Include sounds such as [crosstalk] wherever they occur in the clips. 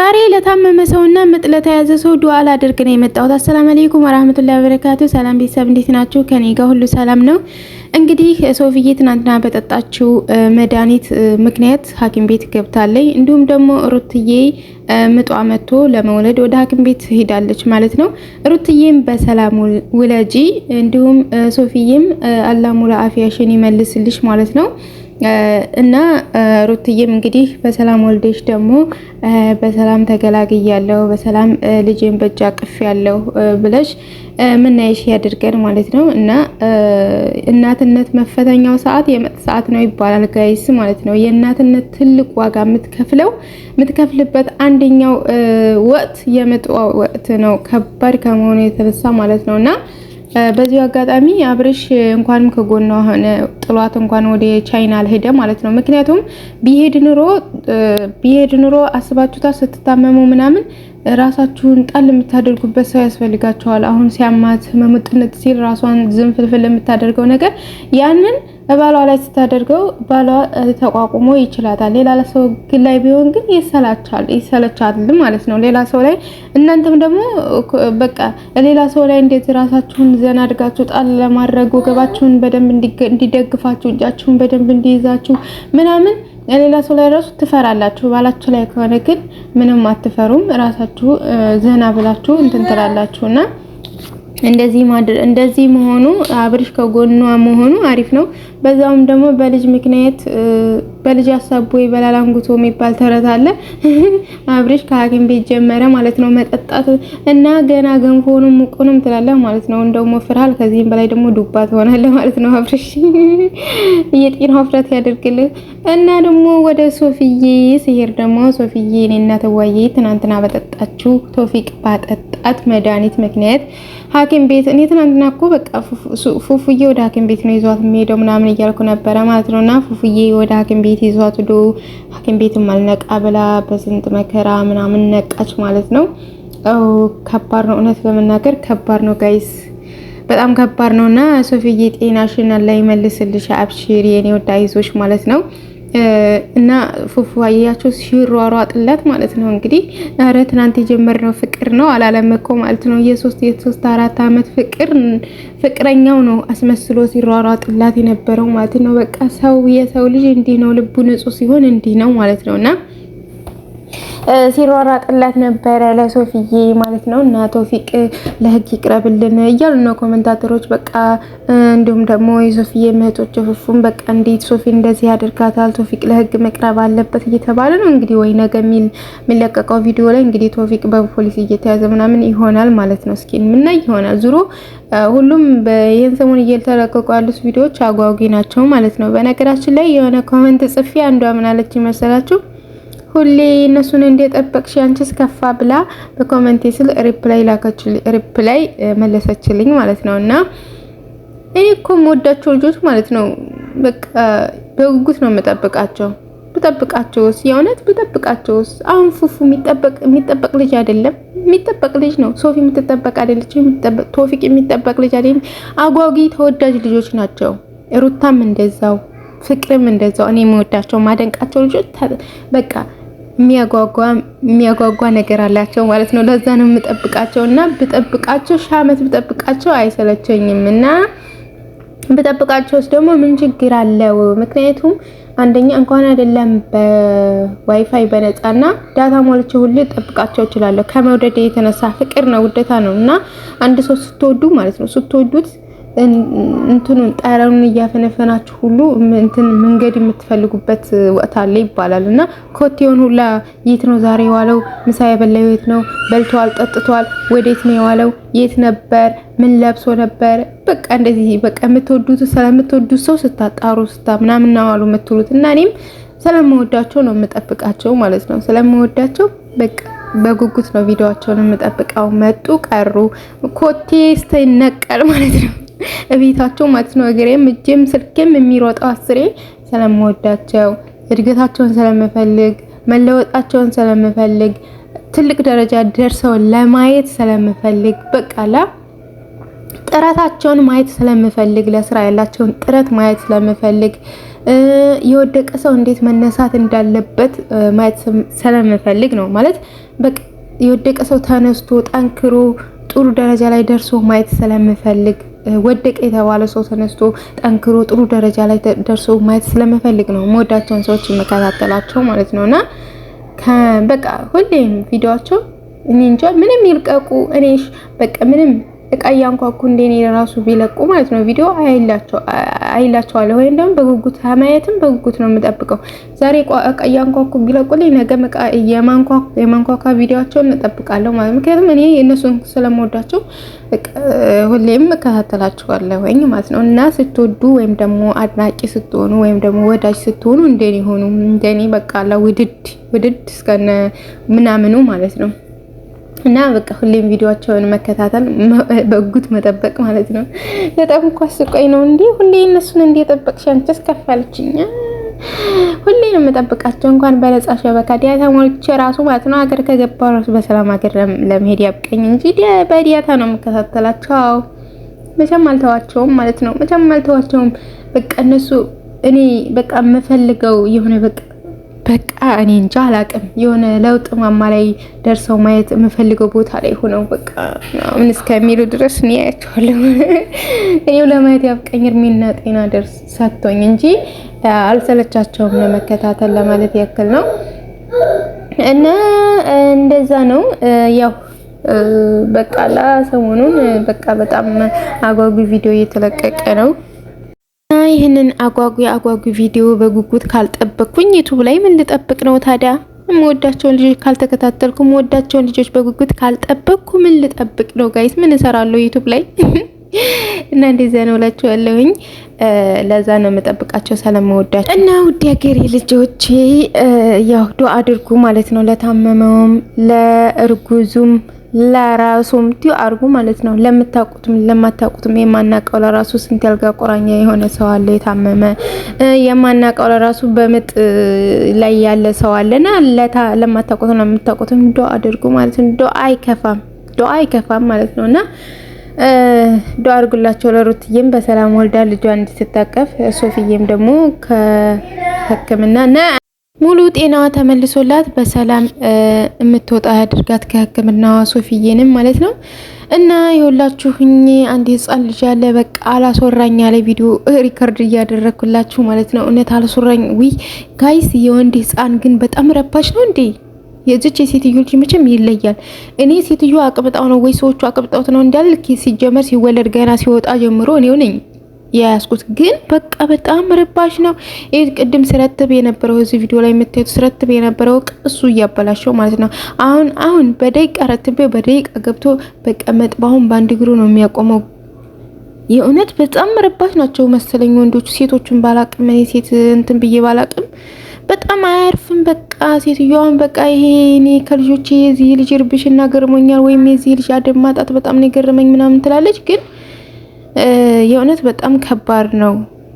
ዛሬ ለታመመ ሰውና ምጥ ለተያዘ ሰው ዱዓ ላድርግ ነው የመጣሁት። አሰላም አለይኩም ወራህመቱላሂ ወበረካቱ። ሰላም ቤተሰብ እንዴት ናችሁ? ከኔ ጋር ሁሉ ሰላም ነው። እንግዲህ ሶፍዬ ትናንትና በጠጣችው መድኃኒት ምክንያት ሐኪም ቤት ገብታለች። እንዲሁም ደግሞ ሩትዬ ምጧ መጥቶ ለመውለድ ወደ ሐኪም ቤት ሄዳለች ማለት ነው። ሩትዬም በሰላም ውለጂ፣ እንዲሁም ሶፍዬም አላሙላ አፊያሽን ይመልስልሽ ማለት ነው። እና ሩትዬም እንግዲህ በሰላም ወልደሽ ደግሞ በሰላም ተገላግያለሁ፣ በሰላም ልጄን በእጅ ያለው ብለሽ ምናይሽ ያድርገን ማለት ነው። እና እናትነት መፈተኛው ሰዓት የመጥ ሰዓት ነው ይባላል ጋይስ ማለት ነው። የእናትነት ትልቅ ዋጋ የምትከፍለው የምትከፍልበት አንደኛው ወቅት የመጥ ወቅት ነው፣ ከባድ ከመሆኑ የተነሳ ማለት ነው እና በዚሁ አጋጣሚ አብርሽ እንኳንም ከጎኗ ሆነ ጥሏት እንኳን ወደ ቻይና አልሄደ ማለት ነው። ምክንያቱም ቢሄድ ኑሮ ቢሄድ ኑሮ አስባችሁታ ስትታመሙ ምናምን ራሳችሁን ጣል የምታደርጉበት ሰው ያስፈልጋቸዋል። አሁን ሲያማት መሙጥነት ሲል ራሷን ዝም ፍልፍል የምታደርገው ነገር ያንን ባሏ ላይ ስታደርገው ባሏ ተቋቁሞ ይችላታል። ሌላ ሰው ላይ ቢሆን ግን ይሰላቻል፣ ይሰለቻል ማለት ነው። ሌላ ሰው ላይ እናንተም ደግሞ በቃ ሌላ ሰው ላይ እንዴት ራሳችሁን ዘና አድርጋችሁ ጣል ለማድረግ ወገባችሁን በደንብ እንዲደግፋችሁ እጃችሁን በደንብ እንዲይዛችሁ ምናምን የሌላ ሰው ላይ ራሱ ትፈራላችሁ። ባላችሁ ላይ ከሆነ ግን ምንም አትፈሩም። ራሳችሁ ዘና ብላችሁ እንትን ትላላችሁና እንደዚህ ማድረግ እንደዚህ መሆኑ አብርሽ ከጎኗ መሆኑ አሪፍ ነው። በዛውም ደግሞ በልጅ ምክንያት በልጅ አሳቦ ይበላል አንጉቶ የሚባል ተረት አለ። [laughs] አብሬሽ ከሐኪም ቤት ጀመረ ማለት ነው መጠጣት እና ገና ገንፎንም ሙቁንም ትላለህ ማለት ነው። እንደውም ወፍርሃል፣ ከዚህም በላይ ደግሞ ዱባ ትሆናለህ ማለት ነው። አብሬሽ [laughs] የጤና ውፍረት ያደርግልህ እና ደግሞ ወደ ሶፊዬ ሲሄድ ደግሞ ሶፊዬ እኔና ተዋዬ ትናንትና በጠጣችሁ ቶፊቅ ባጠጣት መድኃኒት ምክንያት ሐኪም ቤት እኔ ትናንትና እኮ በቃ ፉፉዬ ወደ ሐኪም ቤት ነው ይዟት የሚሄደው ምናምን ምናምን እያልኩ ነበረ ማለት ነው። እና ፉፉዬ ወደ ሐኪም ቤት ይዟት ዶ ሐኪም ቤትም አልነቃ ብላ በስንት መከራ ምናምን ነቃች ማለት ነው። ከባድ ነው፣ እውነት በመናገር ከባድ ነው ጋይስ፣ በጣም ከባድ ነው። እና ሶፊዬ ጤናሽን አላህ ይመልስልሽ፣ አብሽሪ የኔ ወዳ ይዞሽ ማለት ነው። እና ፉፉ አያቸው ሲሯሯጥላት ማለት ነው። እንግዲህ ኧረ ትናንት የጀመርነው ፍቅር ነው አላለም እኮ ማለት ነው። የሶስት የሶስት አራት አመት ፍቅር ፍቅረኛው ነው አስመስሎ ሲሯሯጥላት የነበረው ማለት ነው። በቃ ሰው የሰው ልጅ እንዲህ ነው። ልቡ ንጹህ ሲሆን እንዲህ ነው ማለት ነው እና ሲሯራጥላት ነበረ ለሶፊዬ ማለት ነው። እና ቶፊቅ ለህግ ይቅረብልን እያሉ ነው ኮመንታተሮች። በቃ እንዲሁም ደግሞ የሶፊዬ ምህቶች ፍፉም በቃ እንዴት ሶፊ እንደዚህ ያደርጋታል፣ ቶፊቅ ለህግ መቅረብ አለበት እየተባለ ነው እንግዲህ። ወይ ነገ የሚለቀቀው ቪዲዮ ላይ እንግዲህ ቶፊቅ በፖሊስ እየተያዘ ምናምን ይሆናል ማለት ነው። እስኪ የምናይ ይሆናል ዙሮ ሁሉም ይህን ሰሞን እየተለቀቁ ያሉት ቪዲዮዎች አጓጊ ናቸው ማለት ነው። በነገራችን ላይ የሆነ ኮመንት ጽፌ አንዷ ምናለች ይመሰላችሁ ሁሌ እነሱን እንደጠበቅሽ አንቺስ ከፋ ብላ በኮመንቴ ስል ሪፕላይ ላከችልኝ፣ ሪፕላይ መለሰችልኝ ማለት ነው። እና እኔ እኮ የምወዳቸው ልጆች ማለት ነው በቃ በጉጉት ነው የምጠብቃቸው። ብጠብቃቸውስ የእውነት ብጠብቃቸውስ? አሁን ፉፉ የሚጠበቅ ልጅ አይደለም፣ የሚጠበቅ ልጅ ነው። ሶፊ የምትጠበቅ አይደለች፣ የሚጠበቅ ቶፊቅ የሚጠበቅ ልጅ አይደለም። አጓጊ ተወዳጅ ልጆች ናቸው። ሩታም እንደዛው፣ ፍቅርም እንደዛው። እኔ የምወዳቸው ማደንቃቸው ልጆች በቃ የሚያጓጓ ነገር አላቸው ማለት ነው። ለዛ ነው የምጠብቃቸው እና ብጠብቃቸው ሺህ ዓመት ብጠብቃቸው አይሰለቸኝም እና ብጠብቃቸውስ ደግሞ ምን ችግር አለው? ምክንያቱም አንደኛ እንኳን አይደለም በዋይፋይ በነፃና ዳታ ሞልቼ ሁሉ ጠብቃቸው እችላለሁ። ከመውደድ የተነሳ ፍቅር ነው ውደታ ነው እና አንድ ሰው ስትወዱ ማለት ነው ስትወዱት እንትኑን ጠረኑን እያፈነፈናችሁ ሁሉ እንትን መንገድ የምትፈልጉበት ወቅት አለ ይባላል እና ኮቴውን ሁላ የት ነው ዛሬ የዋለው? ምሳ የበላው የት ነው? በልቷል፣ ጠጥቷል፣ ወዴት ነው የዋለው? የት ነበር? ምን ለብሶ ነበር? በቃ እንደዚህ በቃ የምትወዱት ስለምትወዱት ሰው ስታጣሩ ስታ ምናምን ዋሉ የምትሉት እና እኔም ስለምወዳቸው ነው የምጠብቃቸው ማለት ነው። ስለምወዳቸው በቃ በጉጉት ነው ቪዲዮዋቸውን የምጠብቀው። መጡ ቀሩ ኮቴ ስተይነቀል ማለት ነው። እቤታቸው ማለት ነው። እግሬም እጄም ስልኬም የሚሮጠው አስሬ ስለምወዳቸው እድገታቸውን ስለምፈልግ መለወጣቸውን ስለምፈልግ ትልቅ ደረጃ ደርሰው ለማየት ስለምፈልግ በቃላ ጥረታቸውን ማየት ስለምፈልግ ለስራ ያላቸውን ጥረት ማየት ስለምፈልግ የወደቀ ሰው እንዴት መነሳት እንዳለበት ማየት ስለምፈልግ ነው። ማለት በቃ የወደቀ ሰው ተነስቶ ጠንክሮ ጥሩ ደረጃ ላይ ደርሶ ማየት ስለምፈልግ ወደቀ የተባለ ሰው ተነስቶ ጠንክሮ ጥሩ ደረጃ ላይ ደርሶ ማየት ስለምፈልግ ነው መወዳቸውን ሰዎች የመከታተላቸው ማለት ነውና በቃ ሁሌም ቪዲዮቸው እኔ እንጃ ምንም ይልቀቁ እኔ በቃ ምንም እቃ እያንኳኩ እንደኔ ራሱ ቢለቁ ማለት ነው ቪዲዮ አይላቸዋለሁ ወይም ደግሞ በጉጉት ማየትም በጉጉት ነው የምጠብቀው። ዛሬ እቃ እያንኳኩ ቢለቁልኝ ነገም እቃ የማንኳኳ ቪዲዮቸውን እንጠብቃለሁ ማለት ምክንያቱም እኔ እነሱን ስለምወዳቸው ሁሌም ወይ ማለት ነው። እና ስትወዱ ወይም ደግሞ አድናቂ ስትሆኑ ወይም ደግሞ ወዳጅ ስትሆኑ እንደኔ ሆኑ እንደኔ በቃ ውድድ ውድድ እስከነ ምናምኑ ማለት ነው። እና በቃ ሁሌም ቪዲዮቸውን መከታተል በጉት መጠበቅ ማለት ነው። በጣም እኮ አስቆይ ነው እንዴ! ሁሌ እነሱን እንዴ ጠበቅሽ? አንቺስ ከፋልችኛ። ሁሌ ነው የምጠብቃቸው። እንኳን በነጻ ሸበካ ዲያታ ሞልቼ ራሱ ማለት ነው ሀገር ከገባ ራሱ በሰላም ሀገር ለመሄድ ያብቀኝ እንጂ በዲያታ ነው የምከታተላቸው። መቼም አልተዋቸውም ማለት ነው። መቼም አልተዋቸውም። በቃ እነሱ እኔ በቃ የምፈልገው የሆነ በቃ በቃ እኔ እንጃ አላቅም። የሆነ ለውጥ ማማ ላይ ደርሰው ማየት የምፈልገው ቦታ ላይ ሆነው በቃ ምን እስከሚሉ ድረስ እኔ ያያቸዋለሁ። [laughs] እኔው ለማየት ያብቀኝ እድሜና ጤና ደርስ ሰጥቶኝ እንጂ አልሰለቻቸውም ለመከታተል ለማለት ያክል ነው። እና እንደዛ ነው ያው በቃ ሰሞኑን በቃ በጣም አጓጉ ቪዲዮ እየተለቀቀ ነው። እና ይህንን አጓጊ አጓጊ ቪዲዮ በጉጉት ካልጠበቅኩኝ ዩቱብ ላይ ምን ልጠብቅ ነው ታዲያ? የምወዳቸውን ልጆች ካልተከታተልኩ የምወዳቸውን ልጆች በጉጉት ካልጠበቅኩ ምን ልጠብቅ ነው ጋይስ? ምን እሰራለሁ ዩቱብ ላይ [laughs] እና እንደዚያ ነው እላችኋለሁኝ። ለዛ ነው የምጠብቃቸው ስለምወዳቸው እና ውድ ሀገሬ ልጆቼ ያው ዱአ አድርጉ ማለት ነው ለታመመውም ለእርጉዙም ለራሱም ምትዩ አርጉ ማለት ነው። ለምታውቁትም ለማታውቁትም የማናቀው ለራሱ ስንት ያልጋ ቁራኛ የሆነ ሰው አለ፣ የታመመ የማናቀው ለራሱ በምጥ ላይ ያለ ሰው አለና ለታ ለማታውቁትም ለምታውቁትም ዶ አድርጉ ማለት ነው። ዶ አይከፋም፣ ዶ አይከፋም ማለት ነውና ዶ አድርጉላቸው። ለሩትዬም በሰላም ወልዳ ልጇን እንድትታቀፍ ሶፍዬም ደግሞ ከሕክምና ሙሉ ጤና ተመልሶላት በሰላም የምትወጣ ያድርጋት ከህክምና ሶፊዬንም ማለት ነው። እና የሁላችሁኝ አንድ ህፃን ልጅ ያለ በቃ አላስወራኝ ያለ ቪዲዮ ሪከርድ እያደረግኩላችሁ ማለት ነው። እውነት አላስወራኝ። ዊ ጋይስ፣ የወንድ ህፃን ግን በጣም ረባሽ ነው እንዴ! የዚች የሴትዮ ልጅ መቼም ይለያል። እኔ ሴትዮ አቅብጣው ነው ወይ ሰዎቹ አቅብጣውት ነው እንዳልክ ሲጀመር ሲወለድ ገና ሲወጣ ጀምሮ እኔው ነኝ የያዝኩት ግን በቃ በጣም ርባሽ ነው። ይህ ቅድም ስረትብ የነበረው እዚህ ቪዲዮ ላይ የምታዩት ስረትብ የነበረው እሱ እያበላሸው ማለት ነው። አሁን አሁን በደቂቃ ረትቤ በደቂቃ ገብቶ በቃ መጥባሁን በአንድ እግሩ ነው የሚያቆመው። የእውነት በጣም ርባሽ ናቸው መሰለኝ ወንዶቹ። ሴቶቹን ባላቅም እኔ ሴት እንትን ብዬ ባላቅም በጣም አያርፍም። በቃ ሴትዮዋን በቃ ይሄ እኔ ከልጆቼ የዚህ ልጅ እርብሽና ገርሞኛል ወይም የዚህ ልጅ አደብ ማጣት በጣም ነው የገረመኝ ምናምን ትላለች ግን የእውነት በጣም ከባድ ነው።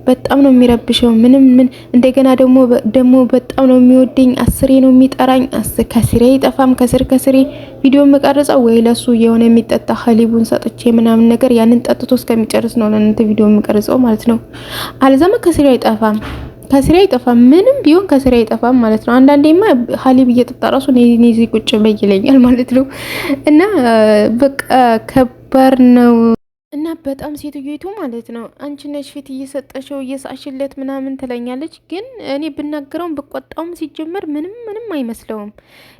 በጣም ነው የሚረብሸው። ምንም ምን እንደገና ደግሞ ደግሞ በጣም ነው የሚወደኝ። አስሬ ነው የሚጠራኝ። ከስሬ አይጠፋም። ከስር ከስሬ ቪዲዮ የምቀርጸው ወይ ለሱ የሆነ የሚጠጣ ሀሊቡን ሰጥቼ ምናምን ነገር ያንን ጠጥቶ እስከሚጨርስ ነው ለእናንተ ቪዲዮ የምቀርጸው ማለት ነው። አልዛማ ከስሬ አይጠፋም። ከስሬ አይጠፋም። ምንም ቢሆን ከስሬ አይጠፋም ማለት ነው። አንዳንዴማ ሀሊብ እየጠጣ ራሱ እኔ እዚህ ቁጭ በይለኛል ማለት ነው። እና በቃ ከባድ ነው። እና በጣም ሴትዮቱ ማለት ነው አንቺ ነሽ ፊት እየሰጠሽው እየሳሽለት ምናምን ትለኛለች። ግን እኔ ብናገረውም ብቆጣውም ሲጀመር ምንም ምንም አይመስለውም።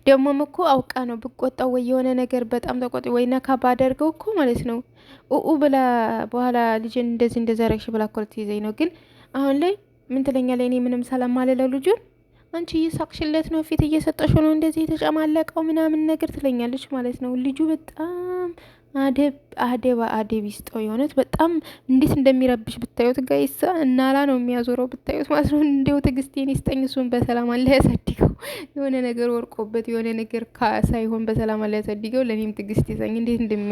ደግሞም እኮ አውቃ ነው ብቆጣው ወይ የሆነ ነገር በጣም ተቆጥ ወይ ነካ ባደርገው እኮ ማለት ነው ኡኡ ብላ በኋላ ልጅን እንደዚህ እንደዘረግሽ ብላ ኮልት ይዘኝ ነው። ግን አሁን ላይ ምን ትለኛለች? እኔ ምንም ሰላም አልለው ልጁን አንቺ እየሳቅሽለት ነው ፊት እየሰጠሽ ነው እንደዚህ የተጨማለቀው ምናምን ነገር ትለኛለች ማለት ነው። ልጁ በጣም አደብ አደባ አደብ ይስጠው። የሆነት በጣም እንዴት እንደሚረብሽ ብታዩት ጋይሳ እናላ ነው የሚያዞረው ብታዩት ማለት ነው። እንዲው ትግስቴን ይስጠኝ። እሱን በሰላም አለ ያሳድገው። የሆነ ነገር ወርቆበት የሆነ ነገር ሳይሆን በሰላም አለ ያሳድገው። ለእኔም ትግስት ይስጠኝ እንዴት እንደሚያ